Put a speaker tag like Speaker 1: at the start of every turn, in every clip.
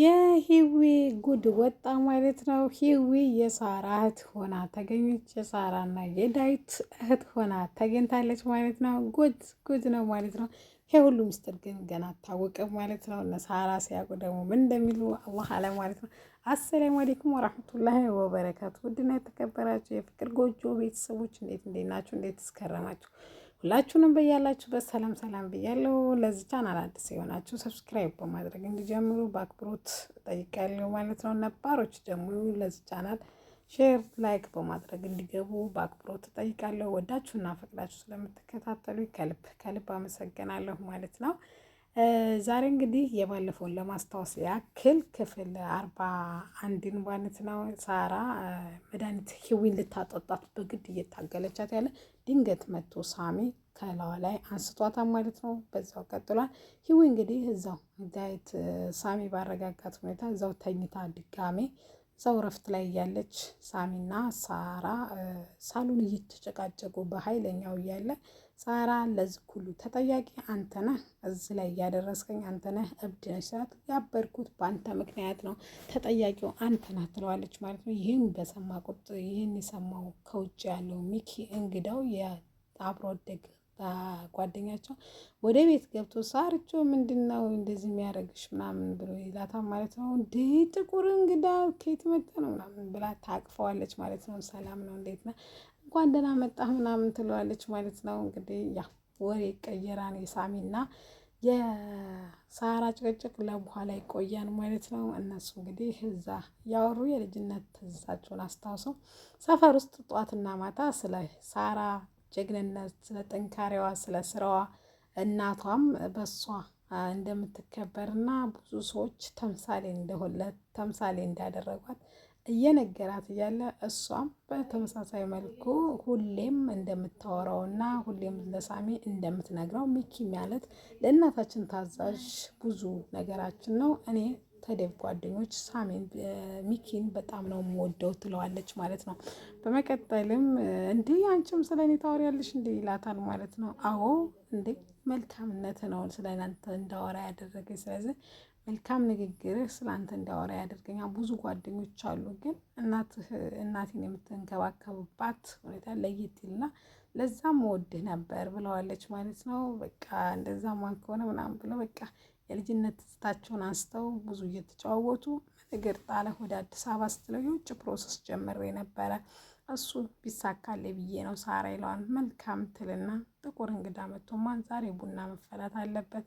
Speaker 1: የሂዊ ጉድ ወጣ ማለት ነው። ሂዊ የሳራ እህት ሆና ተገኘች። የሳራና የዳዊት እህት ሆና ተገኝታለች ማለት ነው። ጉድ ጉድ ነው ማለት ነው። ይሄ ሁሉ ምስጢር ግን ገና አታወቀም ማለት ነው። እነ ሳራ ሲያውቁ ደግሞ ምን እንደሚሉ አላህ አለ ማለት ነው። አሰላሙ አሌይኩም ወራህመቱላሂ ወበረካቱ። ውድና የተከበራቸው የፍቅር ጎጆ ቤተሰቦች እንዴት እንዴት ናችሁ? እንዴት ትስከረማችሁ? ሁላችሁንም በያላችሁበት ሰላም ሰላም ብያለሁ። ለዚህ ቻናል አዲስ የሆናችሁ ሰብስክራይብ በማድረግ እንዲጀምሩ በአክብሮት ጠይቃለሁ ማለት ነው። ነባሮች ደግሞ ለዚህ ቻናል ሼር፣ ላይክ በማድረግ እንዲገቡ በአክብሮት ጠይቃለሁ። ወዳችሁና ፈቅዳችሁ ስለምትከታተሉ ከልብ ከልብ አመሰግናለሁ ማለት ነው። ዛሬ እንግዲህ የባለፈውን ለማስታወስ ያክል ክፍል አርባ አንድን ማለት ነው። ሳራ መድኃኒት ህዊን ልታጠጣት በግድ እየታገለቻት ያለ ድንገት መቶ ሳሚ ከላዋ ላይ አንስቷታ ማለት ነው። በዛው ቀጥሏል። ህዊ እንግዲህ እዛው ዳዊት ሳሚ ባረጋጋት ሁኔታ እዛው ተኝታ ድጋሜ እዛው ረፍት ላይ እያለች ሳሚና ሳራ ሳሉን እየተጨቃጨቁ በኃይለኛው እያለ ሳራ ለዚህ ሁሉ ተጠያቂ አንተ ነህ፣ እዚህ ላይ ያደረስከኝ አንተ ነህ፣ እብድ ነህ ስላት ያበድኩት በአንተ ምክንያት ነው፣ ተጠያቂው አንተ ነህ ትለዋለች ማለት ነው። ይህን በሰማ ቁጥ ይህን የሰማው ከውጭ ያለው ሚኪ እንግዳው የአብሮ አደግ ጓደኛቸው ወደ ቤት ገብቶ ሳርቾ ምንድን ነው እንደዚህ የሚያደርግሽ ምናምን ብሎ ይላታ ማለት ነው። እንደ ጥቁር እንግዳ ኬት መጣ ነው ምናምን ብላ ታቅፈዋለች ማለት ነው። ሰላም ነው እንዴት ነህ እንኳን ደህና መጣህ ምናምን ትለዋለች ማለት ነው። እንግዲህ ያ ወሬ ይቀየራል። የሳሚና የሳራ ጭቅጭቅ ለበኋላ ይቆያን ማለት ነው። እነሱ እንግዲህ እዛ ያወሩ የልጅነት ትዝታቸውን አስታውሰው ሰፈር ውስጥ ጧትና ማታ ስለ ሳራ ጀግንነት፣ ስለ ጥንካሬዋ፣ ስለ ስራዋ እናቷም በሷ እንደምትከበርና ብዙ ሰዎች ተምሳሌ እንደሆለት ተምሳሌ እንዳደረጓት እየነገራት እያለ እሷም በተመሳሳይ መልኩ ሁሌም እንደምታወራውና ሁሌም ለሳሚ እንደምትነግረው ሚኪ ማለት ለእናታችን ታዛዥ ብዙ ነገራችን ነው። እኔ ተደብ ጓደኞች ሳሚን ሚኪን በጣም ነው የምወደው ትለዋለች ማለት ነው። በመቀጠልም እንዲህ አንቺም ስለ እኔ ታወሪያለሽ እንዲ ይላታል ማለት ነው። አዎ እንዴ መልካምነት ነው ስለ እናንተ እንዳወራ ያደረገ ስለዚህ መልካም ንግግርህ ስለ አንተ እንዳወራ ያደርገኛል። ብዙ ጓደኞች አሉ፣ ግን እናትህ እናቴን የምትንከባከብባት ሁኔታ ለየት ይልና ለዛም ወድህ ነበር ብለዋለች ማለት ነው። በቃ እንደዛ ማን ከሆነ ምናምን ብለው በቃ የልጅነት ትዝታቸውን አንስተው ብዙ እየተጨዋወቱ ነገር ጣለ ወደ አዲስ አበባ ስትለው የውጭ ፕሮሰስ ጀምሬ ነበረ እሱ ቢሳካለ ብዬ ነው ሳራ ይለዋል። መልካም ትልና ጥቁር እንግዳ መጥቶማን ዛሬ ቡና መፈላት አለበት።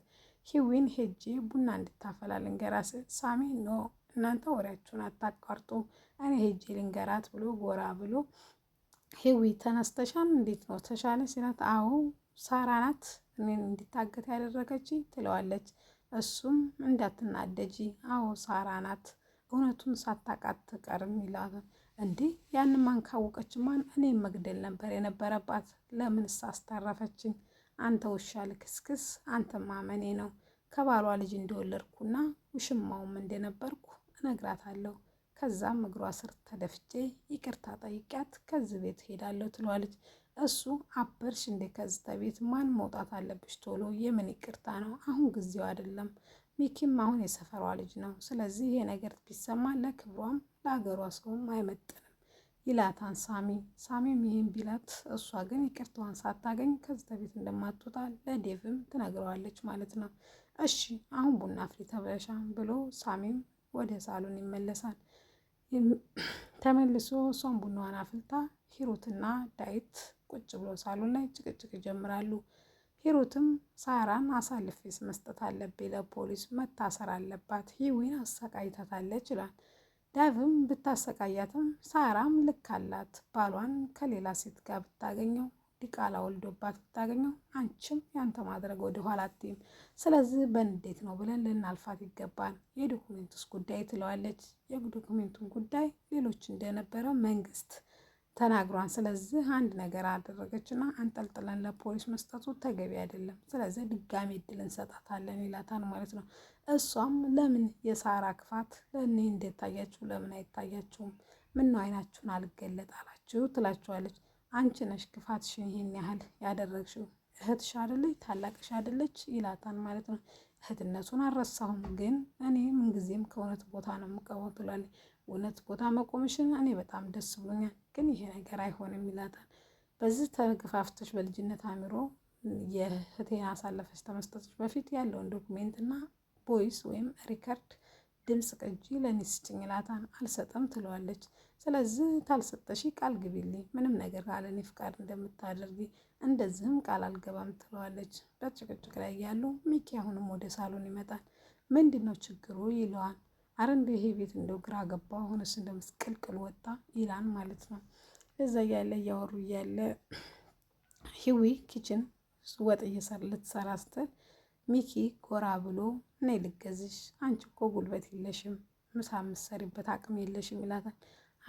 Speaker 1: ሂዊን ሄጄ ቡና እንድታፈላ ልንገራት ሳሚ ኖ እናንተ ወሬያችሁን አታቋርጡ፣ እኔ ሄጄ ልንገራት ብሎ ጎራ ብሎ ሂዊ ተነስተሻል፣ እንዴት ነው ተሻለ ሲላት፣ አዎ ሳራ ናት እኔን እንዲታገት ያደረገች ትለዋለች። እሱም እንዳትናደጂ፣ አዎ ሳራ ናት እውነቱን ሳታቃት ትቀርም ይላል። እንዴ ያንን ማን ካወቀች ማን እኔም መግደል ነበር የነበረባት። ለምን ሳስተረፈችኝ? አንተ ውሻ ልክስክስ፣ አንተ ማመኔ ነው። ከባሏ ልጅ እንደወለድኩና ውሽማውም እንደነበርኩ እነግራታለሁ። ከዛም እግሯ ስር ተደፍቼ ይቅርታ ጠይቂያት ከዚህ ቤት ሄዳለሁ ትሏለች። እሱ አበርሽ እንዴ ከዚህ ቤት ማን መውጣት አለብሽ ቶሎ። የምን ይቅርታ ነው አሁን ጊዜው አይደለም። ሚኪም አሁን የሰፈሯ ልጅ ነው። ስለዚህ ይሄ ነገር ቢሰማ ለክብሯም ለሀገሯ ሰውም አይመጥንም ይላታን ሳሚ። ሳሚም ይህን ቢላት እሷ ግን ይቅርታዋን ሳታገኝ ከዚህ ቤት እንደማትወጣ ለዴቭም ትነግረዋለች ማለት ነው። እሺ አሁን ቡና አፍሪ ተብለሻ ብሎ ሳሚም ወደ ሳሎን ይመለሳል። ተመልሶ እሷን ቡናዋን አፍልታ ሂሩትና ዳይት ቁጭ ብሎ ሳሎን ላይ ጭቅጭቅ ይጀምራሉ። ሂሩትም ሳራን አሳልፌስ መስጠት አለብኝ ለፖሊስ መታሰር አለባት ሂዊን አሰቃይታታለች ይላል። ዳቪም ብታሰቃያትም ሳራም ልክ አላት። ባሏን ከሌላ ሴት ጋር ብታገኘው ዲቃላ ወልዶባት ብታገኘው አንቺም ያንተ ማድረግ ወደኋላ አትይም። ስለዚህ በንዴት ነው ብለን ልናልፋት ይገባል። የዶኩሜንቱስ ጉዳይ ትለዋለች። የዶኩሜንቱን ጉዳይ ሌሎች እንደነበረ መንግስት ተናግሯል። ስለዚህ አንድ ነገር አደረገችና አንጠልጥለን ለፖሊስ መስጠቱ ተገቢ አይደለም። ስለዚህ ድጋሚ እድል እንሰጣታለን ይላታን ማለት ነው። እሷም ለምን የሳራ ክፋት እኔ እንዴት ታያችሁ? ለምን አይታያችሁም? ምን ነው አይናችሁን አልገለጥ አላችሁ? ትላችኋለች። አንቺ ነሽ ክፋትሽን ይህን ያህል ያደረግሽው እህትሽ አይደለች ታላቅሽ አይደለች ይላታን ማለት ነው። እህትነቱን አልረሳሁም፣ ግን እኔ ምንጊዜም ከእውነት ቦታ ነው የምቀወም ትላለች። እውነት ቦታ መቆምሽን እኔ በጣም ደስ ብሎኛል ግን ይሄ ነገር አይሆንም ይላታል። በዚህ ተግፋፍተሽ በልጅነት አእምሮ የህቴን አሳለፈች ተመስጠቶች በፊት ያለውን ዶክሜንት እና ቮይስ ወይም ሪከርድ ድምፅ ቅጂ ለእኔ ስጭኝ ይላታል። አልሰጠም ትለዋለች። ስለዚህ ታልሰጠሽ ቃል ግቢልኝ፣ ምንም ነገር አለኔ ፍቃድ እንደምታደርጊ እንደዚህም ቃል አልገባም ትለዋለች። በጭቅጭቅ ላይ ያሉ ሚኪ አሁንም ወደ ሳሎን ይመጣል። ምንድን ነው ችግሩ ይለዋል። አረ እንደ ይሄ ቤት እንደው ግራ ገባ ሆነስ እንደ ምስቅልቅል ወጣ ይላል ማለት ነው። እዛ እያለ እያወሩ እያለ ሂዊ ኪችን ወጥ እየሰራ ልትሰራ ስትል ሚኪ ጎራ ብሎ ነይ ልገዝሽ፣ አንቺ እኮ ጉልበት የለሽም ምሳ ምሰሪበት አቅም የለሽም ይላታል።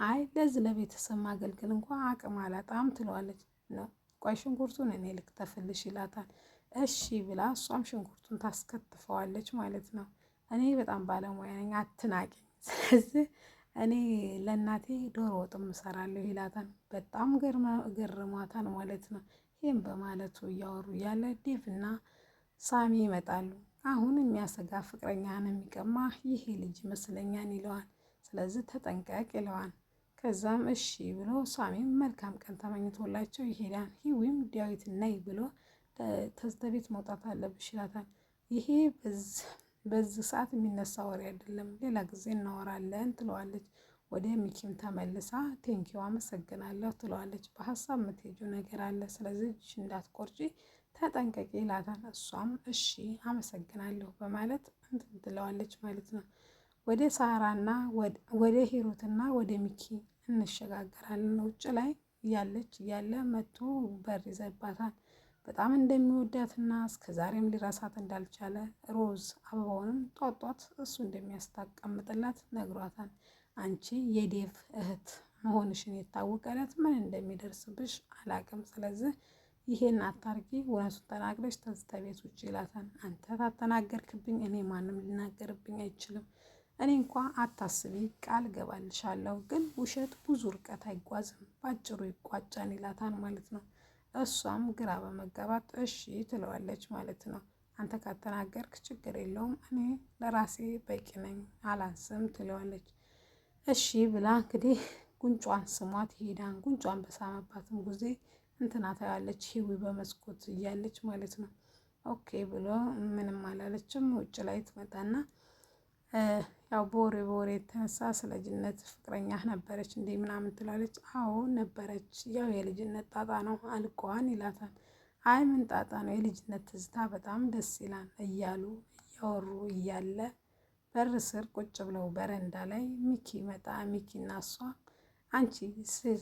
Speaker 1: አይ ለዚህ ለቤተሰብ ማገልገል እንኳ አቅም አላጣም ትለዋለች። ነው ቆይ ሽንኩርቱን እኔ ልክተፍልሽ ይላታል። እሺ ብላ እሷም ሽንኩርቱን ታስከትፈዋለች ማለት ነው። እኔ በጣም ባለሙያ ነኝ፣ አትናቂኝ። ስለዚህ እኔ ለእናቴ ዶሮ ወጥም እሰራለሁ ይላታል። በጣም ገርሟታል ማለት ነው። ይህም በማለቱ እያወሩ እያለ ዴቭ እና ሳሚ ይመጣሉ። አሁን የሚያሰጋ ፍቅረኛህን የሚቀማ ይሄ ልጅ ይመስለኛል ይለዋል። ስለዚህ ተጠንቀቅ ይለዋል። ከዛም እሺ ብሎ ሳሚም መልካም ቀን ተመኝቶላቸው ይሄዳል። ሂዊም ዳዊት ነይ ብሎ ተዝተቤት መውጣት አለብሽ ይላታል። ይሄ በዚህ ሰዓት የሚነሳ ወሬ አይደለም፣ ሌላ ጊዜ እናወራለን ትለዋለች። ወደ ሚኪም ተመልሳ ቴንኪው አመሰግናለሁ ትለዋለች። በሀሳብ የምትሄጂው ነገር አለ፣ ስለዚህ እጅሽ እንዳትቆርጪ ተጠንቀቂ ይላታል። እሷም እሺ አመሰግናለሁ በማለት እንትን ትለዋለች ማለት ነው። ወደ ሳራና ወደ ሂሩትና ወደ ሚኪ እንሸጋገራለን። ውጭ ላይ እያለች እያለ መቶ በር ይዘባታል። በጣም እንደሚወዳትና እስከ ዛሬም ሊረሳት እንዳልቻለ ሮዝ አበባውንም ጧጧት እሱ እንደሚያስታቀምጥላት ነግሯታል። አንቺ የዴቭ እህት መሆንሽን የታወቀለት ምን እንደሚደርስብሽ አላቅም። ስለዚህ ይሄን አታርጊ፣ እውነቱን ተናግረሽ ተዝተ ቤት ውጭ ይላታል። አንተ ታተናገርክብኝ እኔ ማንም ሊናገርብኝ አይችልም። እኔ እንኳ አታስቢ፣ ቃል ገባልሻለሁ። ግን ውሸት ብዙ ርቀት አይጓዝም፣ ባጭሩ ይቋጫን ይላታን ማለት ነው። እሷም ግራ በመጋባት እሺ ትለዋለች ማለት ነው። አንተ ካተናገርክ ችግር የለውም እኔ ለራሴ በቂ ነኝ አላንስም ትለዋለች። እሺ ብላ እንግዲህ ጉንጯን ስሟት ይሄዳን ጉንጯን በሳመባትም ጊዜ እንትና ታያለች ሂዊ በመስኮት እያለች ማለት ነው። ኦኬ ብሎ ምንም አላለችም። ውጭ ላይ ትመጣና ያው በወሬ በወሬ የተነሳ ስለ ጅነት ፍቅረኛ ነበረች እንዴ ምናምን ትላለች። አዎ ነበረች፣ ያው የልጅነት ጣጣ ነው አልቀዋን ይላታል። አይ ምን ጣጣ ነው የልጅነት ትዝታ በጣም ደስ ይላል እያሉ እያወሩ እያለ በር ስር ቁጭ ብለው በረንዳ ላይ ሚኪ መጣ። ሚኪ እና እሷ አንቺ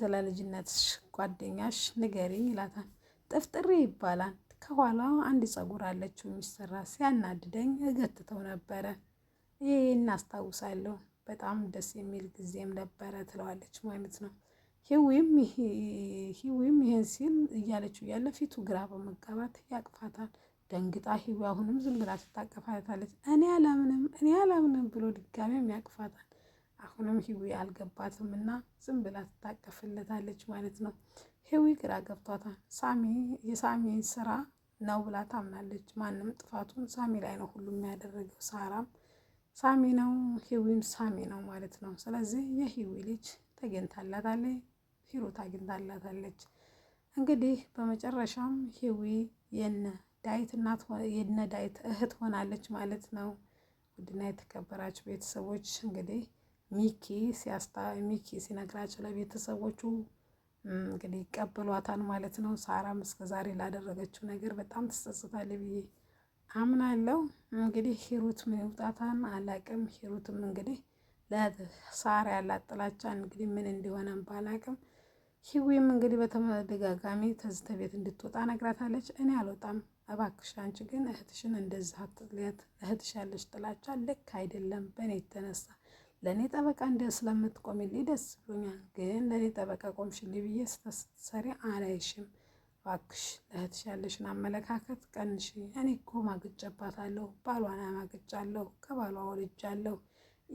Speaker 1: ስለ ልጅነትሽ ጓደኛሽ ንገሪኝ ይላታል። ጥፍጥሬ ይባላል። ከኋላ አንድ ጸጉር አለችው የሚሰራ ሲያናድደኝ እገትተው ነበረ ይህ አስታውሳለሁ በጣም ደስ የሚል ጊዜም ነበረ ትለዋለች ማለት ነው። ሂዊም ይህን ሲል እያለችው እያለ ፊቱ ግራ በመጋባት ያቅፋታል። ደንግጣ ሂዊ አሁንም ዝም ብላ ትታቀፋታለች። እኔ አላምንም እኔ አላምንም ብሎ ድጋሜም ያቅፋታል። አሁንም ሂዊ አልገባትም እና ዝም ብላ ትታቀፍለታለች ማለት ነው። ሂዊ ግራ ገብቷታል። ሳሚ የሳሚ ስራ ነው ብላ ታምናለች። ማንም ጥፋቱን ሳሚ ላይ ነው ሁሉም ያደረገው ሳራም ሳሚ ነው፣ ሂዊም ሳሚ ነው ማለት ነው። ስለዚህ የሂዊ ልጅ ተገኝታላታለች፣ ሂሩት አግኝታላታለች። እንግዲህ በመጨረሻም ሂዊ የነ ዳይት እናት የነ ዳይት እህት ሆናለች ማለት ነው። ውድና የተከበራችሁ ቤተሰቦች እንግዲህ ሚኪ ሲያስታ ሚኪ ሲነግራቸው ለቤተሰቦቹ እንግዲህ ይቀበሏታል ማለት ነው። ሳራም እስከዛሬ ላደረገችው ነገር በጣም ትጸጽታለች ብዬ አምናለሁ። እንግዲህ ሂሩት መውጣቷን አላቅም። ሂሩትም እንግዲህ ለሳር ያላት ጥላቻ እንግዲህ ምን እንዲሆነም ባላቅም ሂዊም እንግዲህ በተደጋጋሚ ተዝተ ቤት እንድትወጣ ነግራታለች። እኔ አልወጣም እባክሽ አንቺ ግን እህትሽን እንደዚህ አትጥያት፣ እህትሽ ያለሽ ጥላቻ ልክ አይደለም። በእኔ የተነሳ ለእኔ ጠበቃ እንደ ስለምትቆሚልኝ ደስ ብሎኛል፣ ግን ለእኔ ጠበቃ ቆምሽልኝ ብዬ ስትሰሪ አላይሽም ባክሽ ለእህትሽ ያለሽን አመለካከት ቀንሽ። እኔ እኮ ማግጨባታለሁ፣ ባሏን ማግጫለሁ፣ ከባሏ ወልጃለሁ፣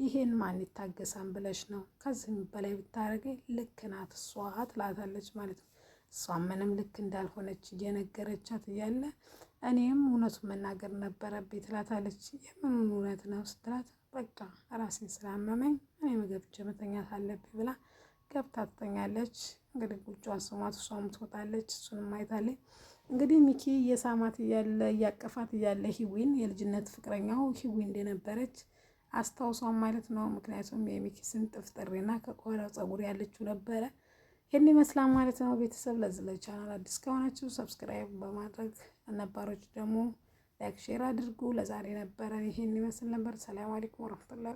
Speaker 1: ይሄን ማን ይታገሳን ብለሽ ነው? ከዚህም በላይ ብታረገ ልክ ናት እሷ ትላታለች ማለት ነው። እሷ ምንም ልክ እንዳልሆነች እየነገረቻት እያለ እኔም እውነቱን መናገር ነበረብኝ ትላታለች። የምን እውነት ነው ስትላት፣ በቃ ራሴን ስላመመኝ እኔ ምግብ ጀመተኛት አለብኝ ብላ ገብታ ትተኛለች። እንግዲህ ጉቿን ስሟት፣ እሷም ትወጣለች። እሱንም አይታለች። እንግዲህ ሚኪ የሳማት እያለ እያቀፋት እያለ ሂዊን የልጅነት ፍቅረኛው ሂዊ እንደነበረች አስታውሷን ማለት ነው። ምክንያቱም የሚኪ ስንጥፍ ጥሬና ከቆዳው ጸጉር ያለችው ነበረ። ይህን ይመስላል ማለት ነው። ቤተሰብ ለዚህ ቻናል አዲስ ከሆናችሁ ሰብስክራይብ በማድረግ ነባሮች ደግሞ ላይክ፣ ሼር አድርጉ። ለዛሬ ነበረ ይህን ይመስል ነበር። ሰላም አለይኩም ወረሕመቱላህ